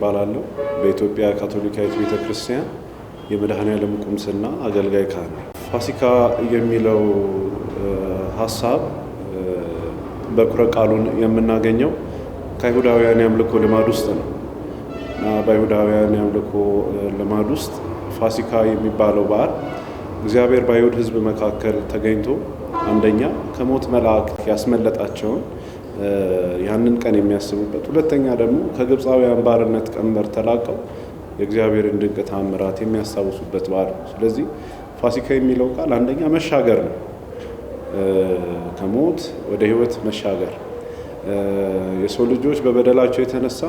እባላለሁ። በኢትዮጵያ ካቶሊካዊት ቤተ ክርስቲያን የመድኃኔዓለም ቁምስና አገልጋይ ካህን። ፋሲካ የሚለው ሀሳብ በኩረ ቃሉን የምናገኘው ከአይሁዳውያን የአምልኮ ልማድ ውስጥ ነው እና በአይሁዳውያን የአምልኮ ልማድ ውስጥ ፋሲካ የሚባለው በዓል እግዚአብሔር በአይሁድ ሕዝብ መካከል ተገኝቶ አንደኛ ከሞት መልአክ ያስመለጣቸውን ያንን ቀን የሚያስቡበት፣ ሁለተኛ ደግሞ ከግብፃውያን ባርነት ቀንበር ተላቀው የእግዚአብሔርን ድንቅ ታምራት የሚያስታውሱበት በዓል ነው። ስለዚህ ፋሲካ የሚለው ቃል አንደኛ መሻገር ነው፣ ከሞት ወደ ሕይወት መሻገር። የሰው ልጆች በበደላቸው የተነሳ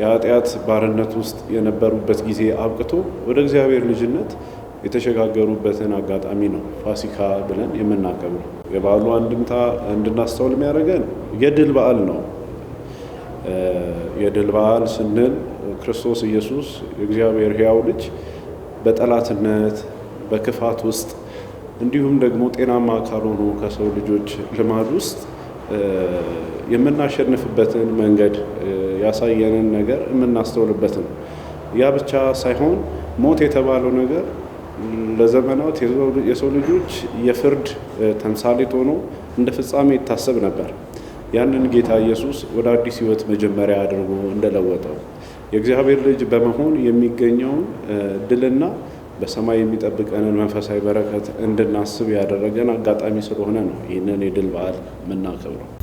የኃጢአት ባርነት ውስጥ የነበሩበት ጊዜ አብቅቶ ወደ እግዚአብሔር ልጅነት የተሸጋገሩበትን አጋጣሚ ነው ፋሲካ ብለን የምናከብረው። የበዓሉ አንድምታ እንድናስተውል የሚያደርገን የድል በዓል ነው። የድል በዓል ስንል ክርስቶስ ኢየሱስ የእግዚአብሔር ሕያው ልጅ በጠላትነት በክፋት ውስጥ እንዲሁም ደግሞ ጤናማ ካልሆኑ ከሰው ልጆች ልማድ ውስጥ የምናሸንፍበትን መንገድ ያሳየንን ነገር የምናስተውልበት ነው። ያ ብቻ ሳይሆን ሞት የተባለው ነገር ለዘመናት የሰው ልጆች የፍርድ ተምሳሌት ሆኖ እንደ ፍጻሜ ይታሰብ ነበር። ያንን ጌታ ኢየሱስ ወደ አዲስ ሕይወት መጀመሪያ አድርጎ እንደለወጠው የእግዚአብሔር ልጅ በመሆን የሚገኘውን ድልና በሰማይ የሚጠብቀንን መንፈሳዊ በረከት እንድናስብ ያደረገን አጋጣሚ ስለሆነ ነው ይህንን የድል በዓል የምናከብረው።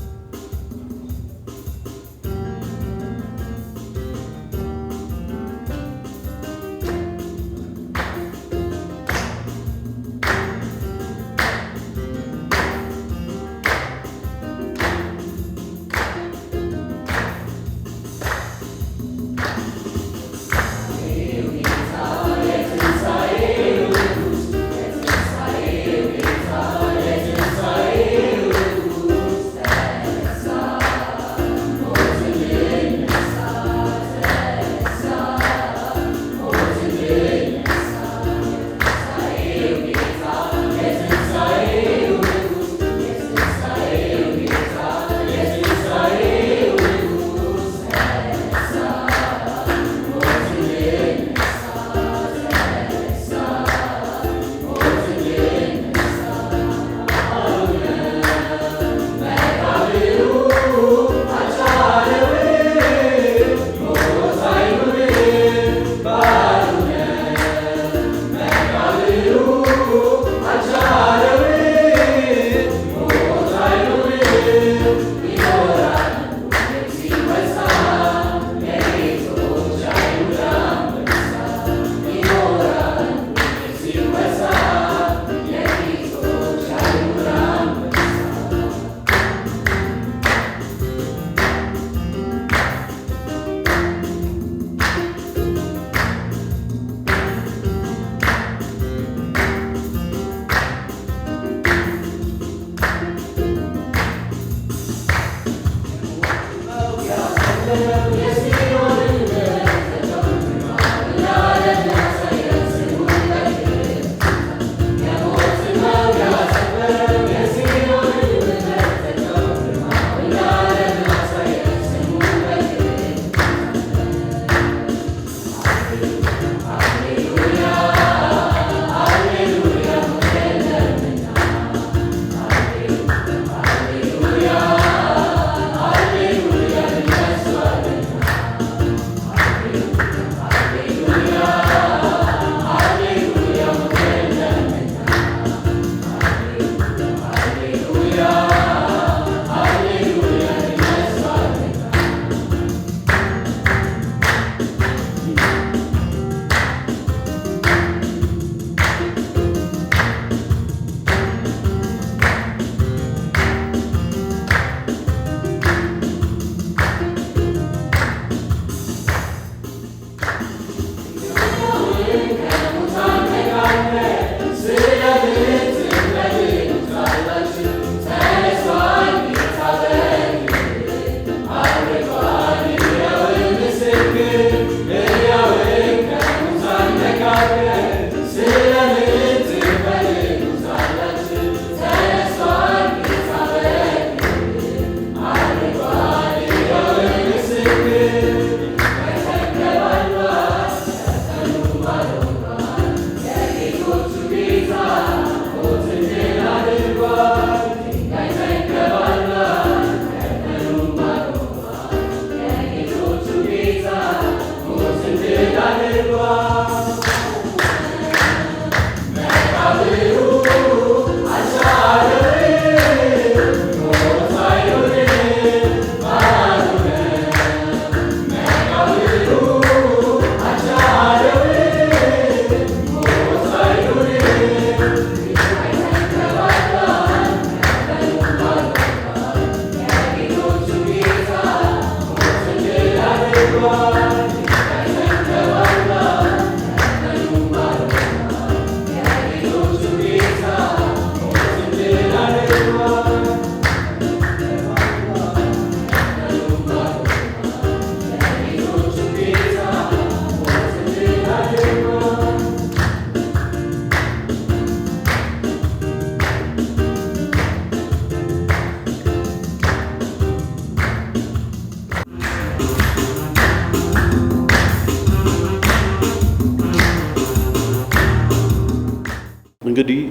እንግዲህ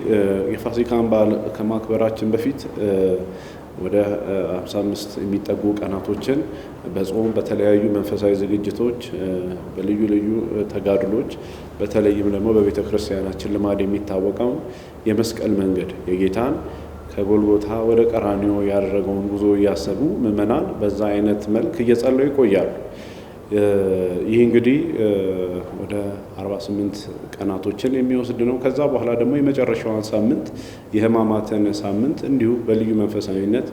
የፋሲካን በዓል ከማክበራችን በፊት ወደ 55 የሚጠጉ ቀናቶችን በጾም በተለያዩ መንፈሳዊ ዝግጅቶች በልዩ ልዩ ተጋድሎች በተለይም ደግሞ በቤተ ክርስቲያናችን ልማድ የሚታወቀውን የመስቀል መንገድ የጌታን ከጎልጎታ ወደ ቀራኒዮ ያደረገውን ጉዞ እያሰቡ ምዕመናን በዛ አይነት መልክ እየጸለው ይቆያሉ። ይህ እንግዲህ ወደ 48 ቀናቶችን የሚወስድ ነው። ከዛ በኋላ ደግሞ የመጨረሻዋን ሳምንት የህማማትን ሳምንት እንዲሁ በልዩ መንፈሳዊነት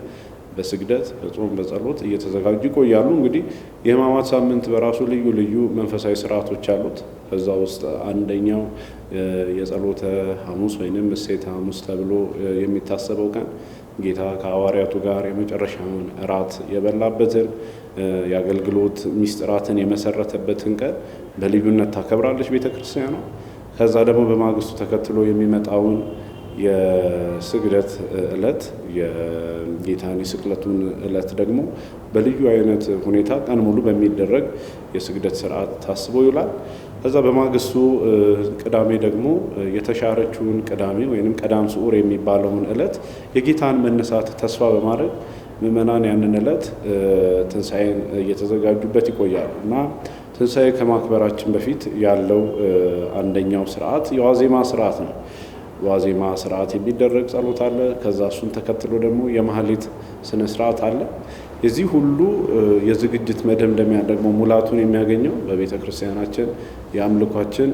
በስግደት በጾም በጸሎት እየተዘጋጁ ይቆያሉ። እንግዲህ የህማማት ሳምንት በራሱ ልዩ ልዩ መንፈሳዊ ስርዓቶች አሉት። ከዛ ውስጥ አንደኛው የጸሎተ ሐሙስ ወይንም እሴተ ሐሙስ ተብሎ የሚታሰበው ቀን ጌታ ከሐዋርያቱ ጋር የመጨረሻውን እራት የበላበትን የአገልግሎት ሚስጥራትን የመሰረተበትን ቀን በልዩነት ታከብራለች ቤተ ክርስቲያኗ። ከዛ ደግሞ በማግስቱ ተከትሎ የሚመጣውን የስግደት ዕለት የጌታን የስቅለቱን ዕለት ደግሞ በልዩ አይነት ሁኔታ ቀን ሙሉ በሚደረግ የስግደት ስርዓት ታስቦ ይውላል። ከዛ በማግስቱ ቅዳሜ ደግሞ የተሻረችውን ቅዳሜ ወይም ቀዳም ስዑር የሚባለውን ዕለት የጌታን መነሳት ተስፋ በማድረግ ምእመናን ያንን ዕለት ትንሣኤን እየተዘጋጁበት ይቆያሉ እና ትንሣኤ ከማክበራችን በፊት ያለው አንደኛው ስርዓት የዋዜማ ስርዓት ነው። ዋዜማ ስርዓት የሚደረግ ጸሎት አለ። ከዛ እሱን ተከትሎ ደግሞ የማህሌት ስነ ስርዓት አለ። የዚህ ሁሉ የዝግጅት መደምደሚያ ደግሞ ሙላቱን የሚያገኘው በቤተ ክርስቲያናችን የአምልኳችን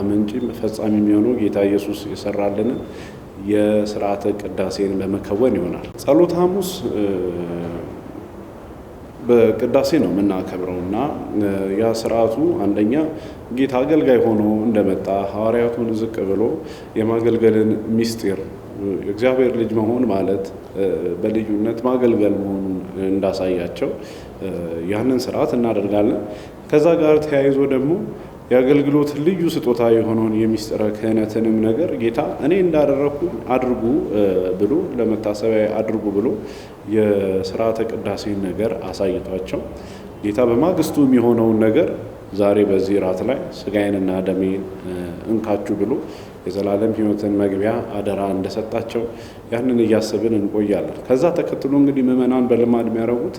አመንጪ ፈጻሚ የሚሆነው ጌታ ኢየሱስ የሰራልን የስርዓተ ቅዳሴን በመከወን ይሆናል። ጸሎተ ሐሙስ በቅዳሴ ነው የምናከብረው እና ያ ስርዓቱ አንደኛ ጌታ አገልጋይ ሆኖ እንደመጣ ሐዋርያቱን ዝቅ ብሎ የማገልገልን ሚስጢር እግዚአብሔር ልጅ መሆን ማለት በልዩነት ማገልገል መሆኑን እንዳሳያቸው ያንን ስርዓት እናደርጋለን። ከዛ ጋር ተያይዞ ደግሞ የአገልግሎት ልዩ ስጦታ የሆነውን የሚስጥረ ክህነትንም ነገር ጌታ እኔ እንዳደረግኩ አድርጉ ብሎ ለመታሰቢያ አድርጉ ብሎ የስርዓተ ቅዳሴን ነገር አሳይቷቸው ጌታ በማግስቱ የሚሆነውን ነገር ዛሬ በዚህ ራት ላይ ስጋዬንና ደሜን እንካችሁ ብሎ የዘላለም ሕይወትን መግቢያ አደራ እንደሰጣቸው ያንን እያስብን እንቆያለን። ከዛ ተከትሎ እንግዲህ ምእመናን በልማድ የሚያደርጉት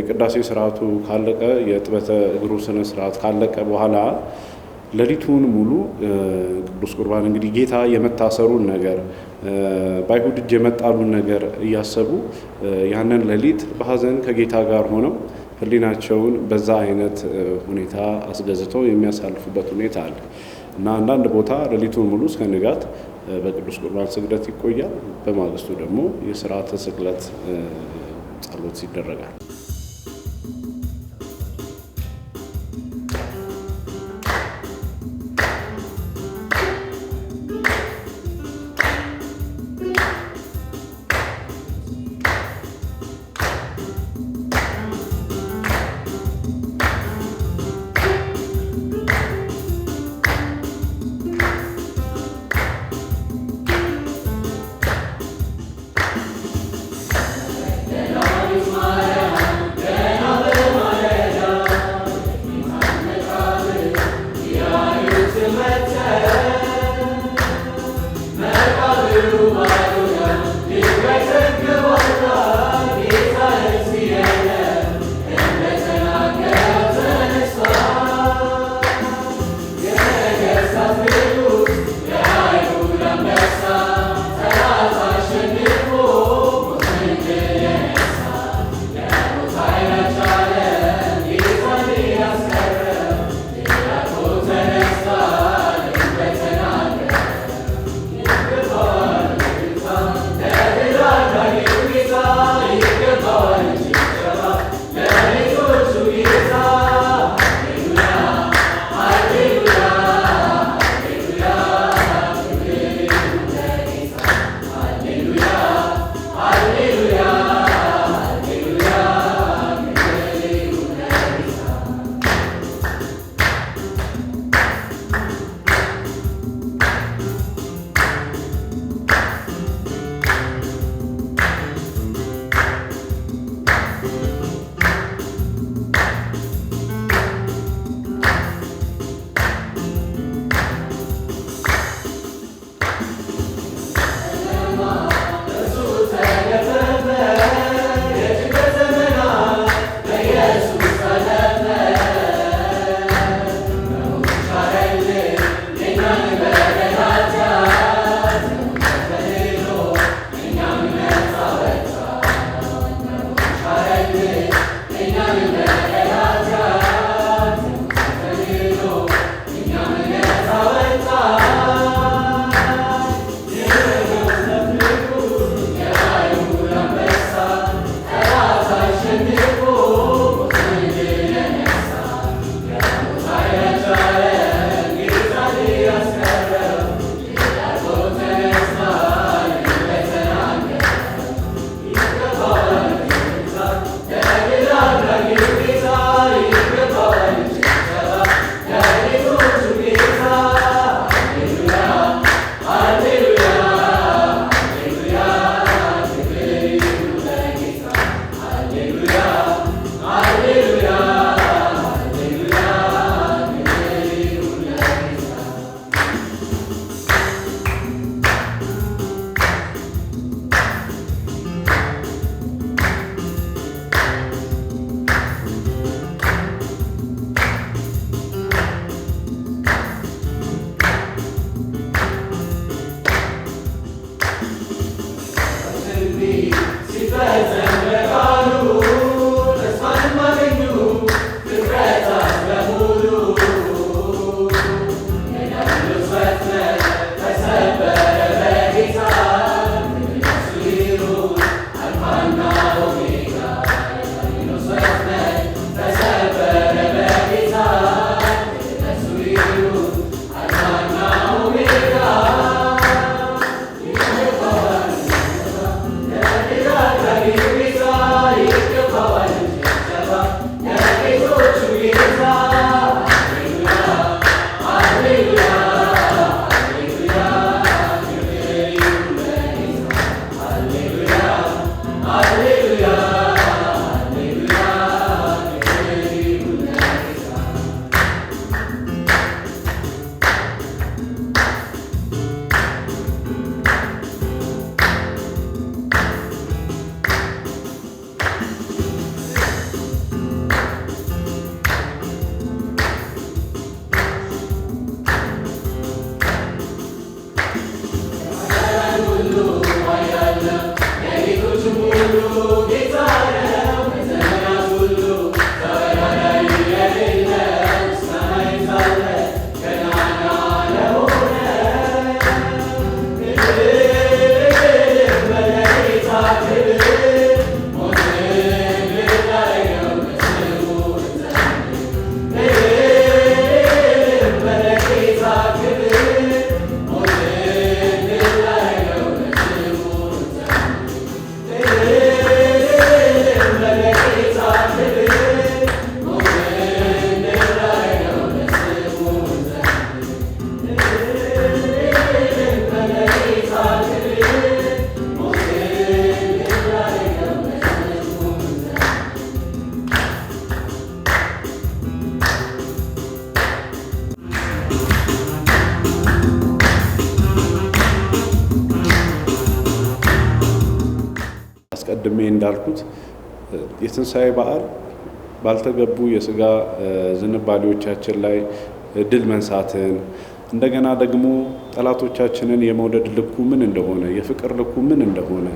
የቅዳሴ ስርዓቱ ካለቀ፣ የጥበተ እግሩ ስነ ስርዓት ካለቀ በኋላ ሌሊቱን ሙሉ ቅዱስ ቁርባን እንግዲህ ጌታ የመታሰሩን ነገር በአይሁድ እጅ የመጣሉን ነገር እያሰቡ ያንን ሌሊት በሀዘን ከጌታ ጋር ሆነው ህሊናቸውን በዛ አይነት ሁኔታ አስገዝተው የሚያሳልፉበት ሁኔታ አለ እና አንዳንድ ቦታ ሌሊቱን ሙሉ እስከ ንጋት በቅዱስ ቁርባን ስግደት ይቆያል። በማግስቱ ደግሞ የስርዓተ ስቅለት ጸሎት ይደረጋል። እንዳልኩት የትንሣኤ በዓል ባልተገቡ የስጋ ዝንባሌዎቻችን ላይ ድል መንሳትን እንደገና ደግሞ ጠላቶቻችንን የመውደድ ልኩ ምን እንደሆነ የፍቅር ልኩ ምን እንደሆነ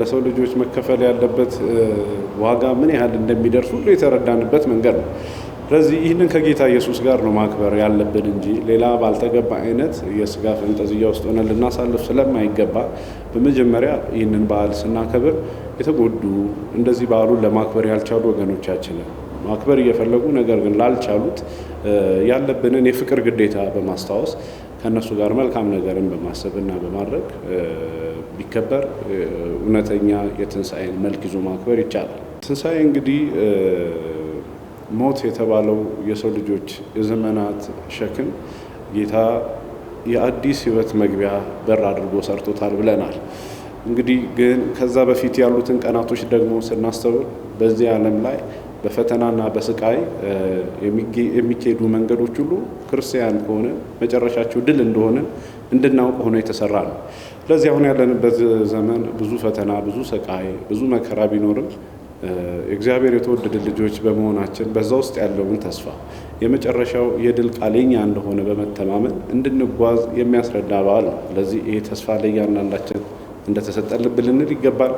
ለሰው ልጆች መከፈል ያለበት ዋጋ ምን ያህል እንደሚደርስ ሁሉ የተረዳንበት መንገድ ነው። ስለዚህ ይህንን ከጌታ ኢየሱስ ጋር ነው ማክበር ያለብን እንጂ ሌላ ባልተገባ አይነት የስጋ ፈንጠዝያ ውስጥ ሆነ ልናሳልፍ ስለማይገባ በመጀመሪያ ይህንን በዓል ስናከብር የተጎዱ እንደዚህ በዓሉን ለማክበር ያልቻሉ ወገኖቻችንን ማክበር እየፈለጉ ነገር ግን ላልቻሉት ያለብንን የፍቅር ግዴታ በማስታወስ ከእነሱ ጋር መልካም ነገርን በማሰብ በማድረግ ቢከበር እውነተኛ የትንሣኤን መልክ ይዞ ማክበር ይቻላል። ትንሣኤ እንግዲህ ሞት የተባለው የሰው ልጆች የዘመናት ሸክም ጌታ የአዲስ ህይወት መግቢያ በር አድርጎ ሰርቶታል ብለናል። እንግዲህ ግን ከዛ በፊት ያሉትን ቀናቶች ደግሞ ስናስተውል በዚህ ዓለም ላይ በፈተናና በስቃይ የሚካሄዱ መንገዶች ሁሉ ክርስቲያን ከሆነ መጨረሻቸው ድል እንደሆነ እንድናውቅ ሆኖ የተሰራ ነው። ስለዚህ አሁን ያለንበት ዘመን ብዙ ፈተና፣ ብዙ ስቃይ፣ ብዙ መከራ ቢኖርም እግዚአብሔር የተወደደ ልጆች በመሆናችን በዛ ውስጥ ያለውን ተስፋ የመጨረሻው የድል ቃል እንደሆነ በመተማመን እንድንጓዝ የሚያስረዳ በዓል ነው። ለዚህ ይህ ተስፋ ለእያንዳንዳችን እንደተሰጠን ልብ ልንል ይገባል።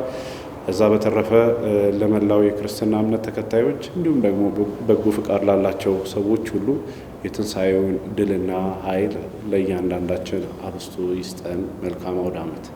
እዛ በተረፈ ለመላው የክርስትና እምነት ተከታዮች እንዲሁም ደግሞ በጎ ፍቃድ ላላቸው ሰዎች ሁሉ የትንሣኤውን ድልና ኃይል ለእያንዳንዳችን አብስቶ ይስጠን። መልካም አውደ ዓመት